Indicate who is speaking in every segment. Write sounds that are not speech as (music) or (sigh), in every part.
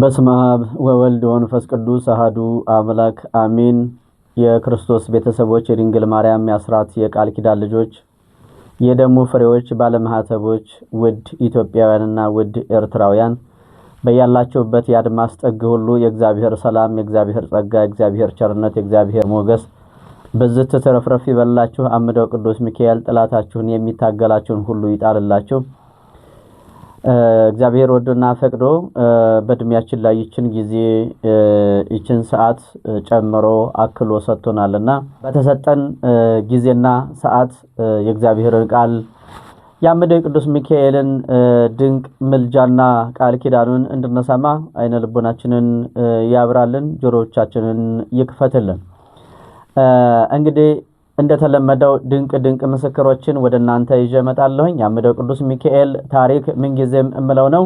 Speaker 1: በስመ አብ ወወልድ ወመንፈስ ቅዱስ አህዱ አምላክ አሜን። የክርስቶስ ቤተሰቦች፣ የድንግል ማርያም የአስራት የቃል ኪዳን ልጆች፣ የደሙ ፍሬዎች፣ ባለማህተቦች፣ ውድ ኢትዮጵያውያንና ውድ ኤርትራውያን በያላችሁበት የአድማስ ጥግ ሁሉ የእግዚአብሔር ሰላም፣ የእግዚአብሔር ጸጋ፣ የእግዚአብሔር ቸርነት፣ የእግዚአብሔር ሞገስ ብዝት ትረፍረፍ ይበላችሁ። አምደው ቅዱስ ሚካኤል ጥላታችሁን የሚታገላችሁን ሁሉ ይጣልላችሁ። እግዚአብሔር ወዶና ፈቅዶ በእድሜያችን ላይ ይችን ጊዜ ይችን ሰዓት ጨምሮ አክሎ ሰጥቶናል በተሰጠን ጊዜና ሰዓት የእግዚአብሔርን ቃል የአምደ ቅዱስ ሚካኤልን ድንቅ ምልጃና ቃል ኪዳኑን እንድንሰማ አይነ ልቦናችንን ያብራልን፣ ጆሮዎቻችንን ይክፈትልን። እንግዲህ እንደተለመደው ድንቅ ድንቅ ምስክሮችን ወደ እናንተ ይዤ እመጣለሁኝ። አምደው ቅዱስ ሚካኤል ታሪክ ምንጊዜም እምለው ነው።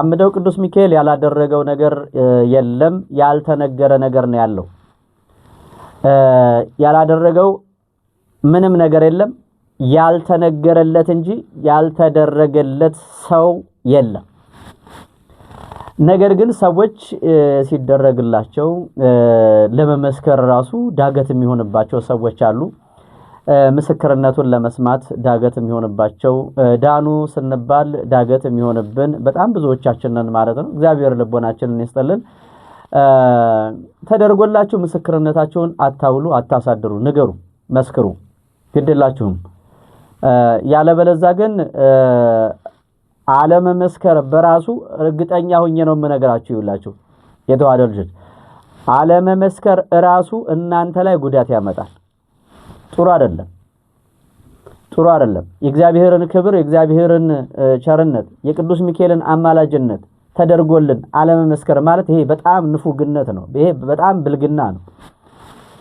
Speaker 1: አምደው ቅዱስ ሚካኤል ያላደረገው ነገር የለም። ያልተነገረ ነገር ነው ያለው። ያላደረገው ምንም ነገር የለም። ያልተነገረለት እንጂ ያልተደረገለት ሰው የለም። ነገር ግን ሰዎች ሲደረግላቸው ለመመስከር ራሱ ዳገት የሚሆንባቸው ሰዎች አሉ። ምስክርነቱን ለመስማት ዳገት የሚሆንባቸው ዳኑ ስንባል ዳገት የሚሆንብን በጣም ብዙዎቻችንን ማለት ነው። እግዚአብሔር ልቦናችንን ይስጥልን። ተደርጎላችሁ ምስክርነታችሁን አታውሉ፣ አታሳድሩ፣ ንገሩ፣ መስክሩ፣ ግድላችሁም ያለበለዛ ግን አለመመስከር በራሱ እርግጠኛ ሆኜ ነው የምነግራችሁ። ይውላችሁ የተዋሕዶ ልጆች አለመመስከር እራሱ እናንተ ላይ ጉዳት ያመጣል። ጥሩ አይደለም፣ ጥሩ አይደለም። የእግዚአብሔርን ክብር የእግዚአብሔርን ቸርነት የቅዱስ ሚካኤልን አማላጅነት ተደርጎልን አለመመስከር ማለት ይሄ በጣም ንፉግነት ነው። ይሄ በጣም ብልግና ነው።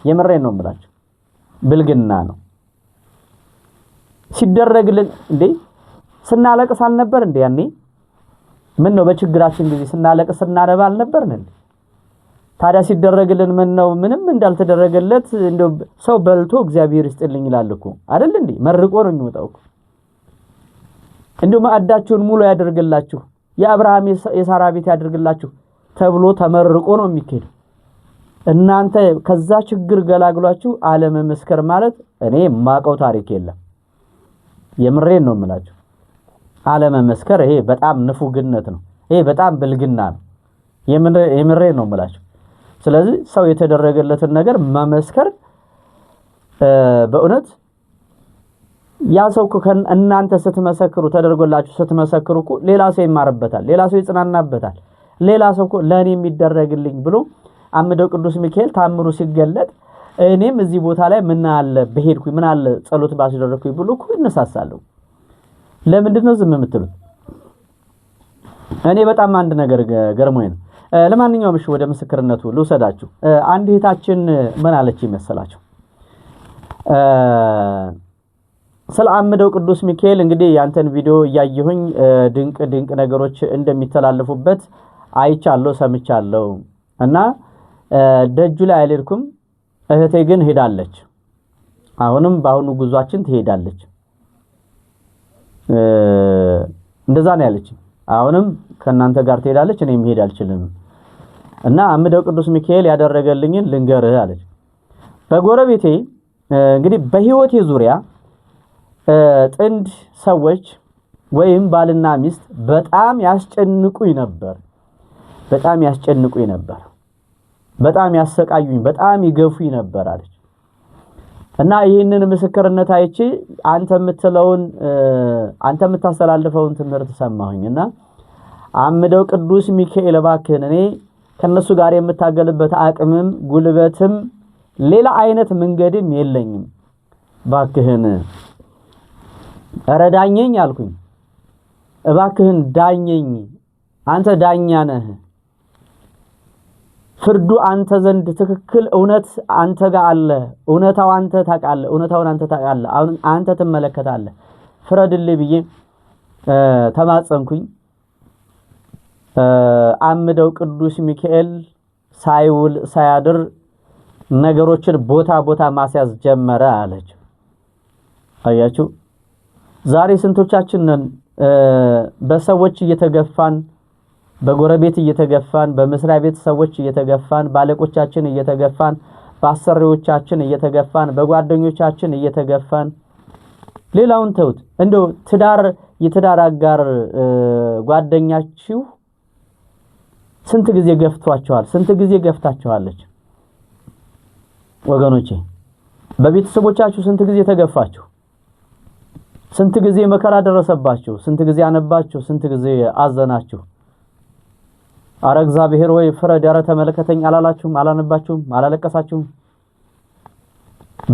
Speaker 1: የምሬን ነው የምላችሁ፣ ብልግና ነው ሲደረግልን እንዴ ስናለቅስ አልነበር እንዴ? ያኔ ምን ነው በችግራችን ጊዜ ስናለቅስ ስናነባ አልነበርን እንዴ? ታዲያ ሲደረግልን ምን ነው ምንም እንዳልተደረገለት እንደው ሰው በልቶ እግዚአብሔር ይስጥልኝ ይላል እኮ አይደል እንዴ? መርቆ ነው የሚወጣው እኮ። እንደው ማዕዳችሁን ሙሉ ያደርግላችሁ፣ የአብርሃም የሳራ ቤት ያደርግላችሁ ተብሎ ተመርቆ ነው የሚካሄደው። እናንተ ከዛ ችግር ገላግሏችሁ አለመመስከር ማለት እኔ የማውቀው ታሪክ የለም። የምሬን ነው የምላችሁ። አለመመስከር ይሄ በጣም ንፉግነት ነው። ይሄ በጣም ብልግና ነው። የምሬ ነው የምላቸው። ስለዚህ ሰው የተደረገለትን ነገር መመስከር በእውነት ያ ሰው እናንተ ስትመሰክሩ ተደርጎላችሁ ስትመሰክሩ እኮ ሌላ ሰው ይማርበታል፣ ሌላ ሰው ይጽናናበታል። ሌላ ሰው እኮ ለእኔ የሚደረግልኝ ብሎ አምደው ቅዱስ ሚካኤል ታምሩ ሲገለጥ እኔም እዚህ ቦታ ላይ ምን አለ በሄድኩኝ፣ ምን አለ ጸሎት ባስደረግኩኝ ብሎ እኮ ይነሳሳለሁ። ለምንድን ነው ዝም የምትሉት? እኔ በጣም አንድ ነገር ገርሞኝ ነው። ለማንኛውም እሺ ወደ ምስክርነቱ ልውሰዳችሁ። አንድ እህታችን ምን አለች ይመስላችሁ? ስለ አምደው ቅዱስ ሚካኤል እንግዲህ ያንተን ቪዲዮ እያየሁኝ ድንቅ ድንቅ ነገሮች እንደሚተላለፉበት አይቻለሁ፣ ሰምቻለሁ እና ደጁ ላይ አልሄድኩም። እህቴ ግን ሄዳለች። አሁንም በአሁኑ ጉዟችን ትሄዳለች። እንደዛ ነው ያለች። አሁንም ከእናንተ ጋር ትሄዳለች፣ እኔ መሄድ አልችልም እና አምደው ቅዱስ ሚካኤል ያደረገልኝን ልንገርህ አለች። በጎረቤቴ እንግዲህ በህይወቴ ዙሪያ ጥንድ ሰዎች ወይም ባልና ሚስት በጣም ያስጨንቁኝ ነበር፣ በጣም ያስጨንቁኝ ነበር፣ በጣም ያሰቃዩኝ፣ በጣም ይገፉኝ ነበር አለች። እና ይህንን ምስክርነት አይቺ አንተ የምትለውን አንተ የምታስተላልፈውን ትምህርት ሰማሁኝ እና አምደው ቅዱስ ሚካኤል እባክህን እኔ ከእነሱ ጋር የምታገልበት አቅምም ጉልበትም ሌላ አይነት መንገድም የለኝም፣ እባክህን ረዳኘኝ አልኩኝ። እባክህን ዳኘኝ፣ አንተ ዳኛ ነህ ፍርዱ አንተ ዘንድ ትክክል እውነት አንተ ጋር አለ። እውነታው አንተ ታውቃለህ። እውነታውን አንተ ታውቃለህ። አሁን አንተ ትመለከታለህ። ፍረድልህ ብዬ ተማጸንኩኝ። አምደው ቅዱስ ሚካኤል ሳይውል ሳያድር ነገሮችን ቦታ ቦታ ማስያዝ ጀመረ አለች። አያችሁ ዛሬ ስንቶቻችን በሰዎች እየተገፋን በጎረቤት እየተገፋን በመስሪያ ቤት ሰዎች እየተገፋን ባለቆቻችን እየተገፋን በአሰሪዎቻችን እየተገፋን በጓደኞቻችን እየተገፋን ሌላውን ተውት። እንደው ትዳር የትዳር አጋር ጓደኛችሁ ስንት ጊዜ ገፍቷቸዋል? ስንት ጊዜ ገፍታቸዋለች? ወገኖቼ በቤተሰቦቻችሁ ስንት ጊዜ ተገፋችሁ? ስንት ጊዜ መከራ ደረሰባችሁ? ስንት ጊዜ አነባችሁ? ስንት ጊዜ አዘናችሁ? አረ እግዚአብሔር ወይ ፍረድ፣ አረ ተመለከተኝ አላላችሁም? አላነባችሁም? አላለቀሳችሁም?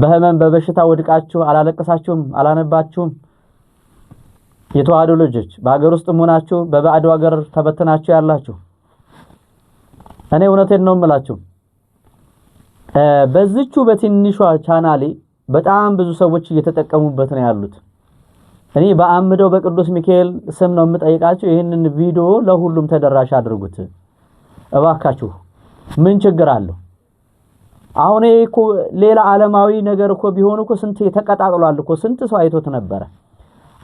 Speaker 1: በህመም በበሽታ ወድቃችሁ አላለቀሳችሁም? አላነባችሁም? የተዋህዶ ልጆች በሀገር ውስጥም ሆናችሁ በባዕድ ሀገር ተበትናችሁ ያላችሁ እኔ እውነቴን ነው የምላችሁ። በዚቹ በትንሿ ቻናሌ በጣም ብዙ ሰዎች እየተጠቀሙበት ነው ያሉት። እኔ በአምደው በቅዱስ ሚካኤል ስም ነው የምጠይቃችሁ። ይህንን ቪዲዮ ለሁሉም ተደራሽ አድርጉት እባካችሁ። ምን ችግር አለው? አሁን ይሄ እኮ ሌላ ዓለማዊ ነገር እኮ ቢሆን እኮ ስንት ተቀጣጥሏል እኮ ስንት ሰው አይቶት ነበረ።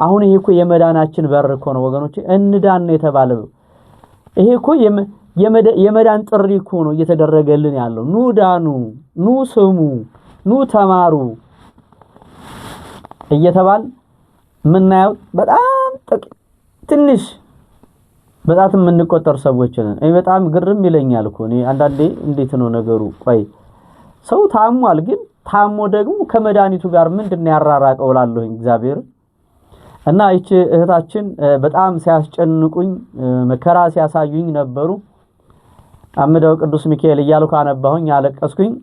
Speaker 1: አሁን ይሄ እኮ የመዳናችን በር እኮ ነው ወገኖች፣ እንዳን ነው የተባለው። ይሄ እኮ የመዳን ጥሪ እኮ ነው እየተደረገልን ያለው። ኑ ዳኑ፣ ኑ ስሙ፣ ኑ ተማሩ እየተባል የምናየው በጣም ትንሽ በጣት የምንቆጠር ሰዎች ነን። እኔ በጣም ግርም ይለኛል እኮ እኔ አንዳንዴ እንዴት ነው ነገሩ? ቆይ ሰው ታሟል፣ ግን ታሞ ደግሞ ከመድኃኒቱ ጋር ምንድን ያራራቀው እላለሁኝ እግዚአብሔር እና ይቺ እህታችን በጣም ሲያስጨንቁኝ መከራ ሲያሳዩኝ ነበሩ። አምደው ቅዱስ ሚካኤል እያልኩ አነባሁኝ፣ አለቀስኩኝ።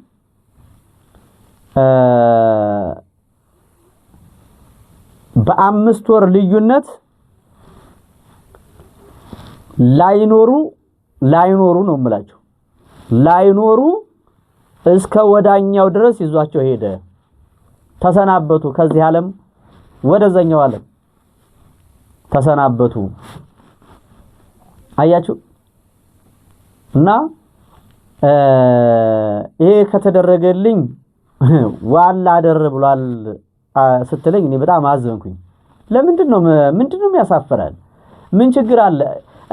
Speaker 1: በአምስት ወር ልዩነት ላይኖሩ ላይኖሩ ነው የምላቸው ላይኖሩ እስከ ወዳኛው ድረስ ይዟቸው ሄደ። ተሰናበቱ፣ ከዚህ ዓለም ወደዛኛው ዓለም ተሰናበቱ። አያችሁ እና ይሄ ከተደረገልኝ ዋላ አደር ብሏል። ስትለኝ እኔ በጣም አዘንኩኝ። ለምንድን ነው ምንድን ነው የሚያሳፍራል? ምን ችግር አለ?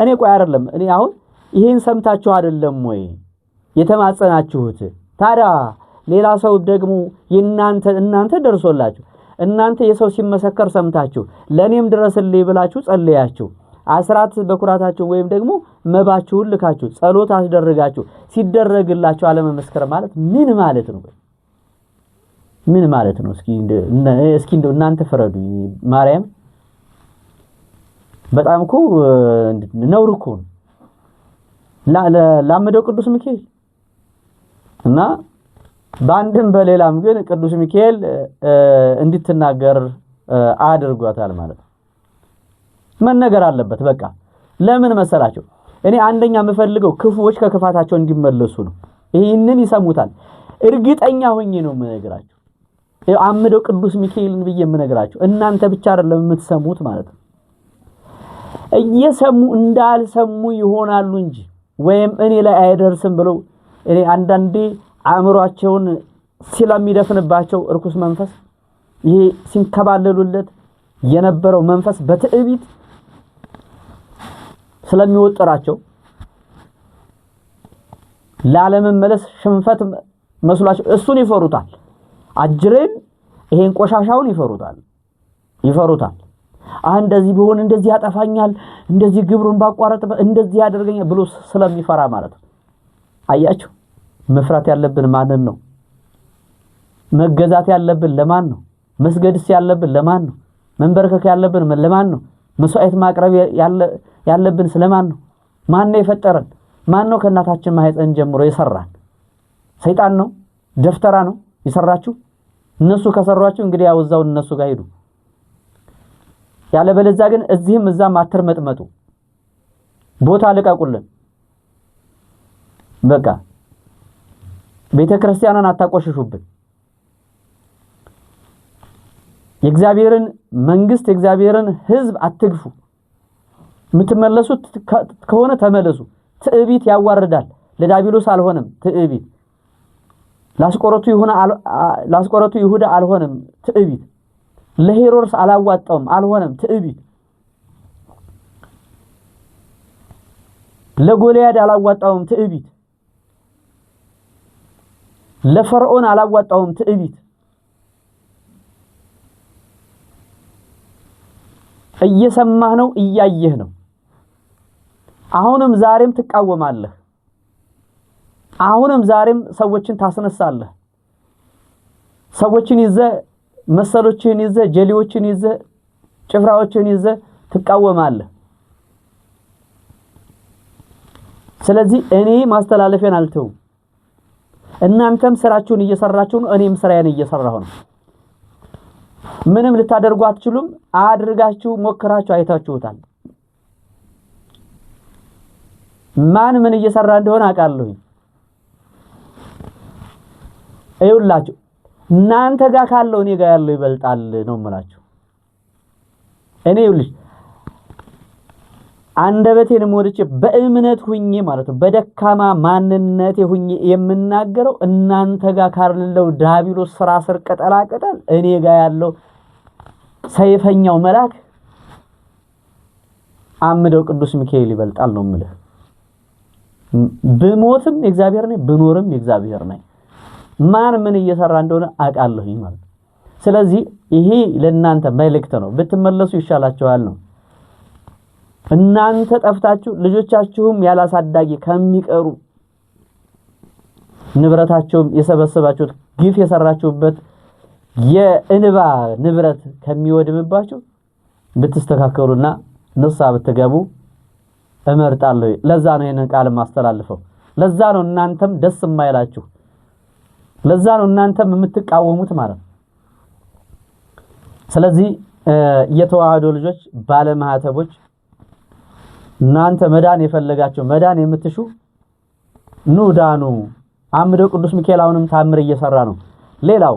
Speaker 1: እኔ ቆይ አይደለም እኔ አሁን ይሄን ሰምታችሁ አይደለም ወይ የተማጸናችሁት? ታዲያ ሌላ ሰው ደግሞ የእናንተ እናንተ ደርሶላችሁ እናንተ የሰው ሲመሰከር ሰምታችሁ ለእኔም ድረስልኝ ብላችሁ ጸልያችሁ አስራት በኩራታችሁ ወይም ደግሞ መባችሁን ልካችሁ ጸሎት አስደረጋችሁ ሲደረግላችሁ አለመመስከር ማለት ምን ማለት ነው? ምን ማለት ነው? እስኪ እንደው እናንተ ፍረዱ። ማርያም በጣም እኮ ነውር እኮ ላመደው ቅዱስ ሚካኤል እና በአንድም በሌላም ግን ቅዱስ ሚካኤል እንድትናገር አድርጓታል ማለት ነው። መነገር አለበት። በቃ ለምን መሰላቸው? እኔ አንደኛ የምፈልገው ክፉዎች ከክፋታቸው እንዲመለሱ ነው። ይህንን ይሰሙታል፣ እርግጠኛ ሆኜ ነው የምነግራቸው። አምደው ቅዱስ ሚካኤልን ብዬ የምነግራቸው እናንተ ብቻ አይደለም የምትሰሙት ማለት ነው። እየሰሙ እንዳልሰሙ ይሆናሉ እንጂ ወይም እኔ ላይ አይደርስም ብለው እኔ አንዳንዴ አእምሯቸውን ስለሚደፍንባቸው እርኩስ መንፈስ ይሄ ሲንከባለሉለት የነበረው መንፈስ በትዕቢት ስለሚወጠራቸው ላለመመለስ ሽንፈት መስሏቸው እሱን ይፈሩታል። አጅሬን ይሄን ቆሻሻውን ይፈሩታል ይፈሩታል። አህ እንደዚህ ቢሆን እንደዚህ ያጠፋኛል፣ እንደዚህ ግብሩን ባቋረጥ እንደዚህ ያደርገኛል ብሎ ስለሚፈራ ማለት ነው። አያችሁ፣ መፍራት ያለብን ማንን ነው? መገዛት ያለብን ለማን ነው? መስገድስ ያለብን ለማን ነው? መንበርከክ ያለብን ለማን ነው? መስዋዕት ማቅረብ ያለብን ስለማን ነው? ማን ነው የፈጠረን? ማን ነው ከእናታችን ማህፀን ጀምሮ የሰራን? ሰይጣን ነው? ደፍተራ ነው የሰራችሁ? እነሱ ከሰሯቸው እንግዲህ ያው እዛው እነሱ ጋር ሄዱ። ያለበለዛ ግን እዚህም እዛም አትርመጥመጡ፣ ቦታ ልቀቁልን። በቃ ቤተ ክርስቲያኗን አታቆሽሹብን። የእግዚአብሔርን መንግስት የእግዚአብሔርን ሕዝብ አትግፉ። የምትመለሱት ከሆነ ተመለሱ። ትዕቢት ያዋርዳል። ለዳቢሎስ አልሆነም ትዕቢት ላስቆረቱ ይሁዳ አልሆነም ትዕቢት፣ ለሄሮድስ አላዋጣውም አልሆነም ትዕቢት፣ ለጎልያድ አላዋጣውም ትዕቢት፣ ለፈርዖን አላዋጣውም ትዕቢት። እየሰማህ ነው፣ እያየህ ነው። አሁንም ዛሬም ትቃወማለህ። አሁንም ዛሬም ሰዎችን ታስነሳለህ። ሰዎችን ይዘ መሰሎችን ይዘ ጀሌዎችን ይዘ ጭፍራዎችን ይዘ ትቃወማለህ። ስለዚህ እኔ ማስተላለፊያን አልተውም። እናንተም ስራችሁን እየሰራችሁ ነው፣ እኔም ስራዬን እየሰራሁ ነው። ምንም ልታደርጉ አትችሉም። አድርጋችሁ ሞክራችሁ አይታችሁታል። ማን ምን እየሰራ እንደሆነ አውቃለሁኝ። ይውላችሁ እናንተ ጋር ካለው እኔ ጋር ያለው ይበልጣል ነው የምላችሁ። እኔ ይውልሽ አንደበቴን ሞልቼ በእምነት ሁኜ ማለት ነው በደካማ ማንነቴ ሁኜ የምናገረው እናንተ ጋር ካለው ዳቢሎስ ስራ ስር ቅጠላ ቅጠል እኔ ጋር ያለው ሰይፈኛው መልአክ አምደው ቅዱስ ሚካኤል ይበልጣል ነው የምልህ። ብሞትም የእግዚአብሔር ነኝ፣ ብኖርም የእግዚአብሔር ነኝ። ማን ምን እየሰራ እንደሆነ አውቃለሁኝ ማለት ስለዚህ ይሄ ለእናንተ መልእክት ነው፣ ብትመለሱ ይሻላችኋል ነው። እናንተ ጠፍታችሁ ልጆቻችሁም ያላሳዳጊ ከሚቀሩ ንብረታቸውም የሰበሰባችሁት ግፍ የሰራችሁበት የእንባ ንብረት ከሚወድምባችሁ ብትስተካከሉና ንስሐ ብትገቡ እመርጣለሁ። ለዛ ነው ይህንን ቃል ማስተላልፈው። ለዛ ነው እናንተም ደስ የማይላችሁ ለዛ ነው እናንተም የምትቃወሙት ማለት ነው። ስለዚህ የተዋህዶ ልጆች ባለማህተቦች፣ እናንተ መዳን የፈለጋቸው መዳን የምትሹ ኑ ዳኑ። አምደው ቅዱስ ሚካኤል አሁንም ታምር እየሰራ ነው። ሌላው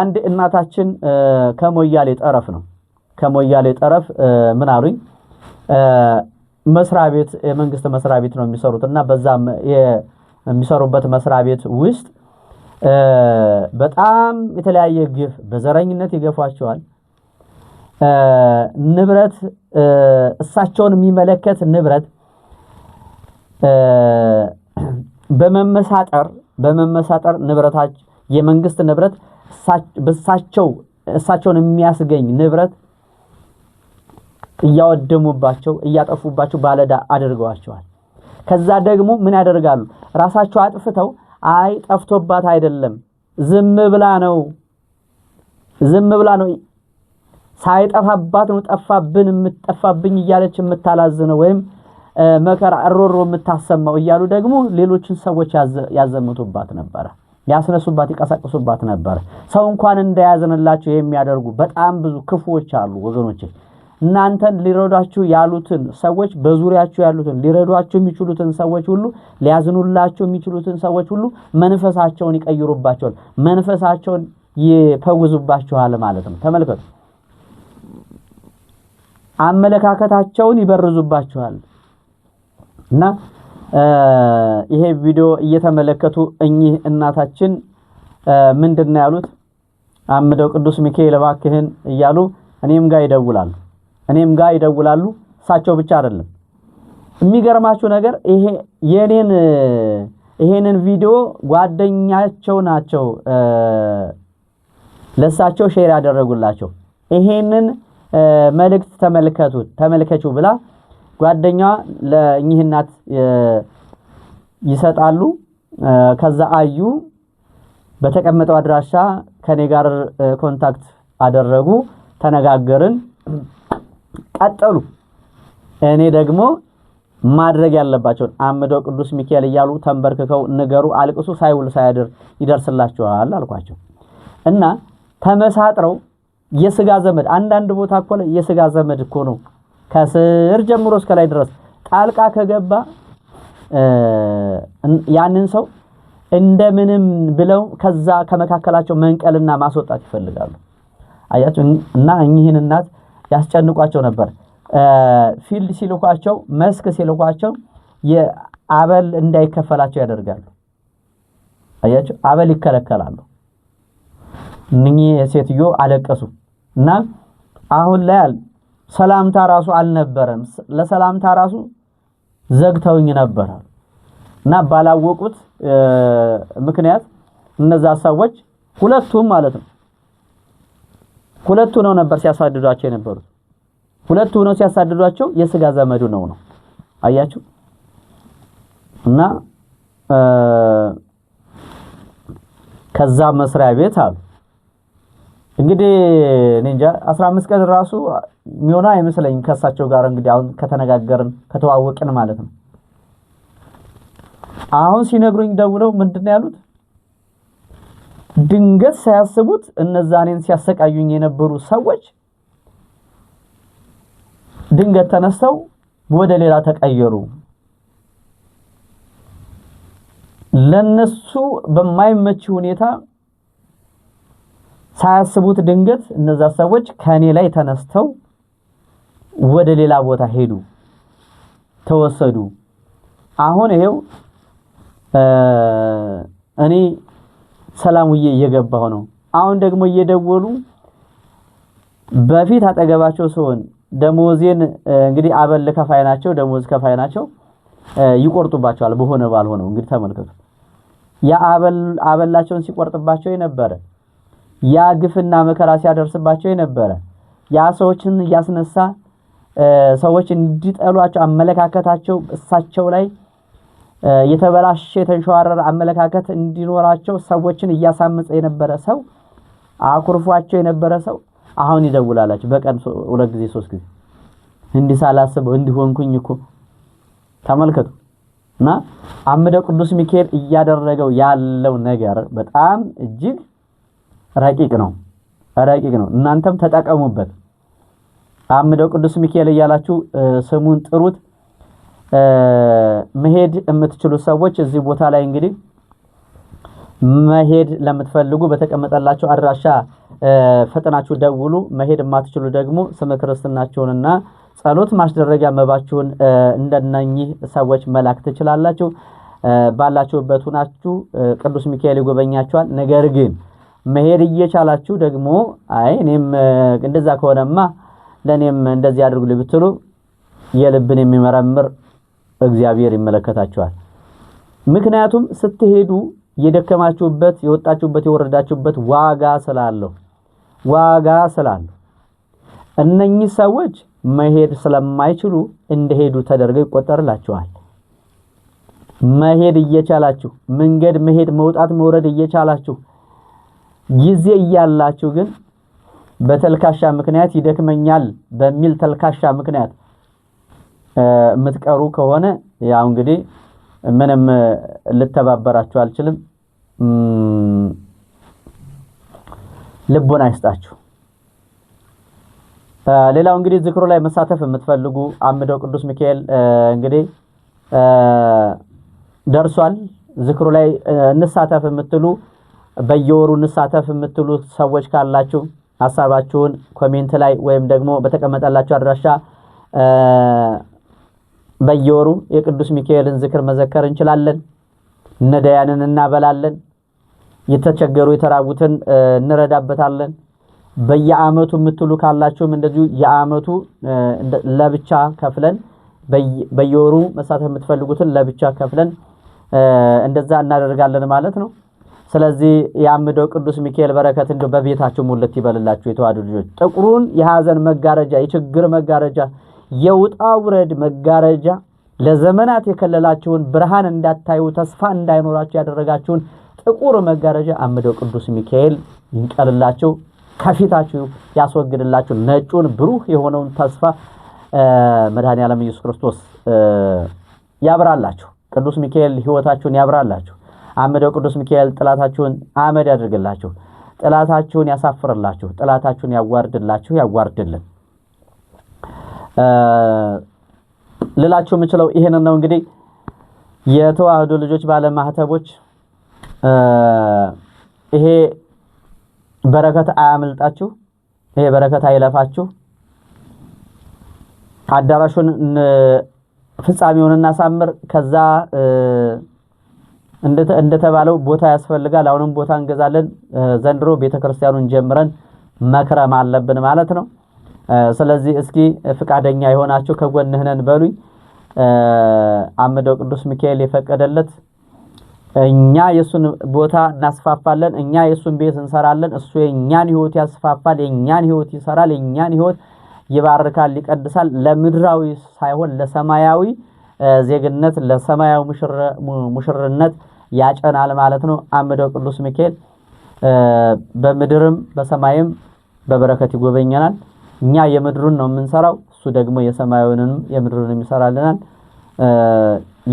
Speaker 1: አንድ እናታችን ከሞያሌ ጠረፍ ነው ከሞያሌ ጠረፍ ምን አሉኝ፣ መስሪያ ቤት የመንግስት መስሪያ ቤት ነው የሚሰሩት እና በዛ የሚሰሩበት መስሪያ ቤት ውስጥ በጣም የተለያየ ግፍ በዘረኝነት ይገፏቸዋል። ንብረት እሳቸውን የሚመለከት ንብረት በመመሳጠር በመመሳጠር ንብረታች የመንግስት ንብረት በሳቸው እሳቸውን የሚያስገኝ ንብረት እያወደሙባቸው እያጠፉባቸው ባለዳ አድርገዋቸዋል። ከዛ ደግሞ ምን ያደርጋሉ? ራሳቸው አጥፍተው አይ ጠፍቶባት አይደለም፣ ዝም ብላ ነው። ዝም ብላ ነው ሳይጠፋባት ነው። ጠፋብን የምትጠፋብኝ እያለች የምታላዝነው ወይም መከራ እሮሮ የምታሰማው እያሉ ደግሞ ሌሎችን ሰዎች ያዘምቱባት ነበረ፣ ያስነሱባት፣ ይቀሰቅሱባት ነበረ። ሰው እንኳን እንደያዘንላቸው የሚያደርጉ በጣም ብዙ ክፉዎች አሉ ወገኖቼ። እናንተን ሊረዷችሁ ያሉትን ሰዎች በዙሪያችሁ ያሉትን ሊረዷችሁ የሚችሉትን ሰዎች ሁሉ ሊያዝኑላችሁ የሚችሉትን ሰዎች ሁሉ መንፈሳቸውን ይቀይሩባቸዋል፣ መንፈሳቸውን ይፈውዙባችኋል ማለት ነው። ተመልከቱ። አመለካከታቸውን ይበርዙባችኋል እና ይሄ ቪዲዮ እየተመለከቱ እኚህ እናታችን ምንድን ነው ያሉት? አምደው ቅዱስ ሚካኤል እባክህን እያሉ እኔም ጋር ይደውላል። እኔም ጋር ይደውላሉ። እሳቸው ብቻ አይደለም። የሚገርማችሁ ነገር ይሄ የኔን ይሄንን ቪዲዮ ጓደኛቸው ናቸው ለእሳቸው ሼር ያደረጉላቸው። ይሄንን መልእክት ተመልከቱ ተመልከቹ ብላ ጓደኛ ለእኚህ እናት ይሰጣሉ። ከዛ አዩ በተቀመጠው አድራሻ ከኔ ጋር ኮንታክት አደረጉ፣ ተነጋገርን። ቀጠሉ። እኔ ደግሞ ማድረግ ያለባቸውን አምደው ቅዱስ ሚካኤል እያሉ ተንበርክከው ንገሩ፣ አልቅሱ፣ ሳይውል ሳያድር ይደርስላቸዋል አልኳቸው እና ተመሳጥረው የስጋ ዘመድ አንዳንድ ቦታ እኮ ላይ የስጋ ዘመድ እኮ ነው ከስር ጀምሮ እስከ ላይ ድረስ ጣልቃ ከገባ ያንን ሰው እንደምንም ብለው ከዛ ከመካከላቸው መንቀልና ማስወጣት ይፈልጋሉ። አያችሁ እና እኚህን እናት ያስጨንቋቸው ነበር። ፊልድ ሲልኳቸው፣ መስክ ሲልኳቸው አበል እንዳይከፈላቸው ያደርጋሉ። አያቸው አበል ይከለከላሉ። እኚህ ሴትዮ አለቀሱ እና አሁን ላይ ሰላምታ ራሱ አልነበረም። ለሰላምታ ራሱ ዘግተውኝ ነበር እና ባላወቁት ምክንያት እነዛ ሰዎች ሁለቱም ማለት ነው ሁለቱ ነው ነበር ሲያሳድዷቸው የነበሩት። ሁለቱ ነው ሲያሳድዷቸው የስጋ ዘመዱ ነው ነው አያችሁ። እና ከዛ መስሪያ ቤት አሉ እንግዲህ እኔ እንጃ 15 ቀን ራሱ የሚሆነ አይመስለኝም ከእሳቸው ጋር እንግዲህ አሁን ከተነጋገርን ከተዋወቅን ማለት ነው። አሁን ሲነግሩኝ ደውለው ምንድን ነው ያሉት? ድንገት ሳያስቡት እነዛ እኔን ሲያሰቃዩኝ የነበሩ ሰዎች ድንገት ተነስተው ወደ ሌላ ተቀየሩ። ለነሱ በማይመች ሁኔታ ሳያስቡት ድንገት እነዛ ሰዎች ከኔ ላይ ተነስተው ወደ ሌላ ቦታ ሄዱ፣ ተወሰዱ። አሁን ይሄው እኔ ሰላሙዬ እየገባሁ ነው። አሁን ደግሞ እየደወሉ በፊት አጠገባቸው ሲሆን ደሞዜን እንግዲህ አበል ከፋይ ናቸው፣ ደሞዝ ከፋይ ናቸው፣ ይቆርጡባቸዋል። በሆነ ባልሆነው እንግዲህ ተመልከቱ። ያ አበላቸውን ሲቆርጥባቸው የነበረ ያ ግፍና መከራ ሲያደርስባቸው የነበረ ያ ሰዎችን እያስነሳ ሰዎች እንዲጠሏቸው አመለካከታቸው እሳቸው ላይ የተበላሸ የተንሸዋረረ አመለካከት እንዲኖራቸው ሰዎችን እያሳመፀ የነበረ ሰው አኩርፏቸው የነበረ ሰው አሁን ይደውላላችሁ። በቀን ሁለት ጊዜ ሶስት ጊዜ እንዲህ ሳላስበው እንዲሆንኩኝ እኮ ተመልከቱ። እና አምደ ቅዱስ ሚካኤል እያደረገው ያለው ነገር በጣም እጅግ ረቂቅ ነው፣ ረቂቅ ነው። እናንተም ተጠቀሙበት። አምደው ቅዱስ ሚካኤል እያላችሁ ስሙን ጥሩት። መሄድ የምትችሉ ሰዎች እዚህ ቦታ ላይ እንግዲህ መሄድ ለምትፈልጉ በተቀመጠላችሁ አድራሻ ፈጥናችሁ ደውሉ። መሄድ የማትችሉ ደግሞ ስመ ክርስትናችሁንና ጸሎት ማስደረጊያ መባችሁን እንደነኚህ ሰዎች መላክ ትችላላችሁ። ባላችሁበት ሁናችሁ ቅዱስ ሚካኤል ይጎበኛችኋል። ነገር ግን መሄድ እየቻላችሁ ደግሞ አይ እኔም እንደዛ ከሆነማ ለእኔም እንደዚህ አድርጉልኝ ብትሉ የልብን የሚመረምር እግዚአብሔር ይመለከታቸዋል። ምክንያቱም ስትሄዱ የደከማችሁበት፣ የወጣችሁበት፣ የወረዳችሁበት ዋጋ ስላለው ዋጋ ስላለሁ እነኚህ ሰዎች መሄድ ስለማይችሉ እንደሄዱ ተደርገው ይቆጠርላችኋል። መሄድ እየቻላችሁ መንገድ መሄድ መውጣት መውረድ እየቻላችሁ ጊዜ እያላችሁ ግን በተልካሻ ምክንያት ይደክመኛል በሚል ተልካሻ ምክንያት የምትቀሩ ከሆነ ያው እንግዲህ ምንም ልተባበራችሁ አልችልም። ልቦና አይስጣችሁ። ሌላው እንግዲህ ዝክሩ ላይ መሳተፍ የምትፈልጉ አምደው ቅዱስ ሚካኤል እንግዲህ ደርሷል። ዝክሩ ላይ እንሳተፍ የምትሉ በየወሩ እንሳተፍ የምትሉ ሰዎች ካላችሁ ሀሳባችሁን ኮሜንት ላይ ወይም ደግሞ በተቀመጠላችሁ አድራሻ በየወሩ የቅዱስ ሚካኤልን ዝክር መዘከር እንችላለን። ነዳያንን እናበላለን። የተቸገሩ የተራቡትን እንረዳበታለን። በየአመቱ የምትሉ ካላችሁም እንደዚሁ የአመቱ ለብቻ ከፍለን በየወሩ መሳተፍ የምትፈልጉትን ለብቻ ከፍለን እንደዛ እናደርጋለን ማለት ነው። ስለዚህ የአምደው ቅዱስ ሚካኤል በረከት እንደ በቤታችሁ ሙለት ይበልላችሁ። የተዋዱ ልጆች ጥቁሩን የሀዘን መጋረጃ የችግር መጋረጃ የውጣ ውረድ መጋረጃ ለዘመናት የከለላችሁን ብርሃን እንዳታዩ ተስፋ እንዳይኖራችሁ ያደረጋችሁን ጥቁር መጋረጃ አምደው ቅዱስ ሚካኤል ይንቀልላችሁ፣ ከፊታችሁ ያስወግድላችሁ። ነጩን ብሩህ የሆነውን ተስፋ መድኃኔ ዓለም ኢየሱስ ክርስቶስ ያብራላችሁ። ቅዱስ ሚካኤል ሕይወታችሁን ያብራላችሁ። አምደው ቅዱስ ሚካኤል ጥላታችሁን አመድ ያድርግላችሁ። ጥላታችሁን ያሳፍርላችሁ። ጥላታችሁን ያዋርድላችሁ፣ ያዋርድልን። ልላችሁ የምችለው ይሄንን ነው። እንግዲህ የተዋህዶ ልጆች ባለማህተቦች ይሄ በረከት አያምልጣችሁ፣ ይሄ በረከት አይለፋችሁ። አዳራሹን ፍጻሜውን እናሳምር። ከዛ እንደተባለው ቦታ ያስፈልጋል። አሁንም ቦታ እንገዛለን። ዘንድሮ ቤተክርስቲያኑን ጀምረን መክረም አለብን ማለት ነው። ስለዚህ እስኪ ፍቃደኛ የሆናችሁ ከጎንህ ነን በሉኝ። አምደው ቅዱስ ሚካኤል የፈቀደለት እኛ የሱን ቦታ እናስፋፋለን፣ እኛ የሱን ቤት እንሰራለን። እሱ የእኛን ህይወት ያስፋፋል፣ የእኛን ህይወት ይሰራል፣ የእኛን ህይወት ይባርካል፣ ይቀድሳል። ለምድራዊ ሳይሆን ለሰማያዊ ዜግነት ለሰማያዊ ሙሽርነት ያጨናል ማለት ነው። አምደው ቅዱስ ሚካኤል በምድርም በሰማይም በበረከት ይጎበኘናል። እኛ የምድሩን ነው የምንሰራው፣ እሱ ደግሞ የሰማዩንም የምድሩንም ይሰራልናል።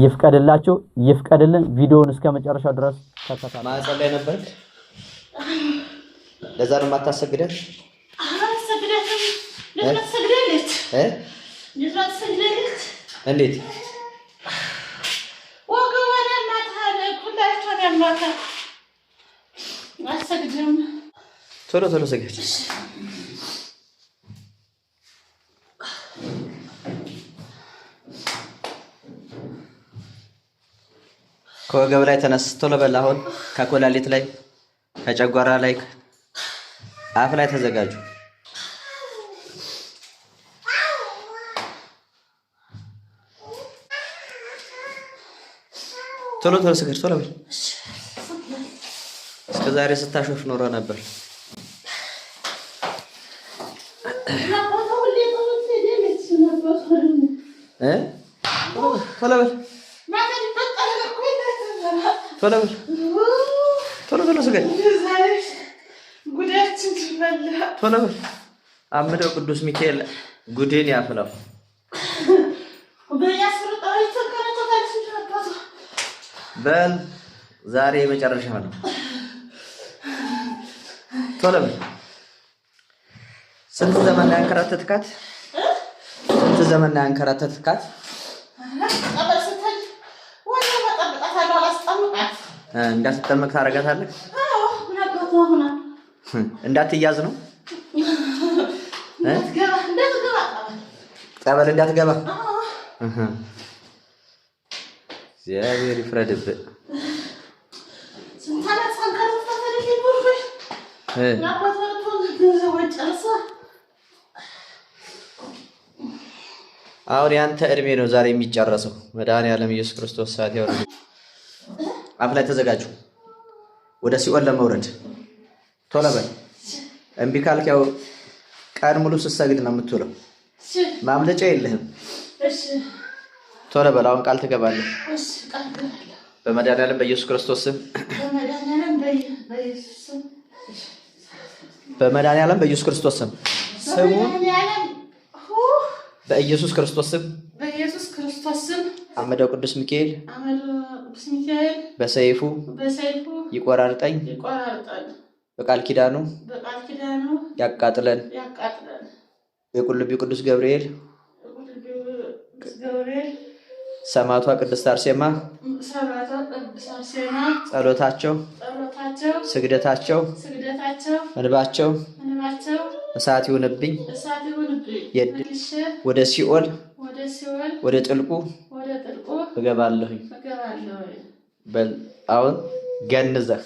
Speaker 1: ይፍቀድላችሁ፣ ይፍቀድልን። ቪዲዮውን እስከ መጨረሻው ድረስ
Speaker 2: ተከታተሉ። ማህፀን ላይ ነበርክ፣ ለዛ ነው የማታሰግደን። እንዴት ቶሎ ቶሎ ስገድ ከወገብ ላይ ተነስቶ ለበላ አሁን ከኮላሊት ላይ፣ ከጨጓራ ላይ፣ አፍ ላይ ተዘጋጁ። ቶሎ ቶሎ ስገድ፣ ቶሎ በል። እስከ ዛሬ ስታሾፍ ኖሮ ነበር። ቶሎ በል ቶሎ ቶሎ ቶሎ አምደው ቅዱስ ሚካኤል ጉዴን ያፍላው። በል ዛሬ የመጨረሻ ነው። ቶሎ በል። ስንት ዘመን ያንከራተትካት? ስንት ዘመን ያንከራተትካት? እንዳትጠመቅ ታደርጋታለህ። እንዳትያዝ ነው (laughs) ጠበል እንዳትገባ እግዚአብሔር ይፍረድብህ። አሁን ያንተ እድሜ ነው ዛሬ የሚጨረሰው። መድኃኔዓለም ኢየሱስ ክርስቶስ ሰዓት ያው አፍ ላይ ተዘጋጁ፣ ወደ ሲኦል ለመውረድ ቶሎ በል። እምቢ ካልክ ያው ቀን ሙሉ ስትሰግድ ነው የምትውለው። ማምለጫ የለህም። ቶሎ በል። አሁን ቃል ትገባለህ። በመድኃኒዓለም በኢየሱስ ክርስቶስ ስም፣ በመድኃኒዓለም በኢየሱስ ክርስቶስ ስም ስሙን በኢየሱስ ክርስቶስ ስም አመደው ቅዱስ ሚካኤል ቅዱስ ሚካኤል በሰይፉ በሰይፉ ይቆራርጠኝ
Speaker 3: ይቆራርጠኝ በቃል ኪዳኑ በቃል ኪዳኑ ያቃጥለን ያቃጥለን
Speaker 2: የቁልቢው ቅዱስ ገብርኤል ሰማቷ ቅድስት አርሴማ ጸሎታቸው ስግደታቸው እንባቸው እሳት ይሁንብኝ። ወደ ሲኦል ወደ ጥልቁ እገባለሁኝ። በል አሁን ገንዘህ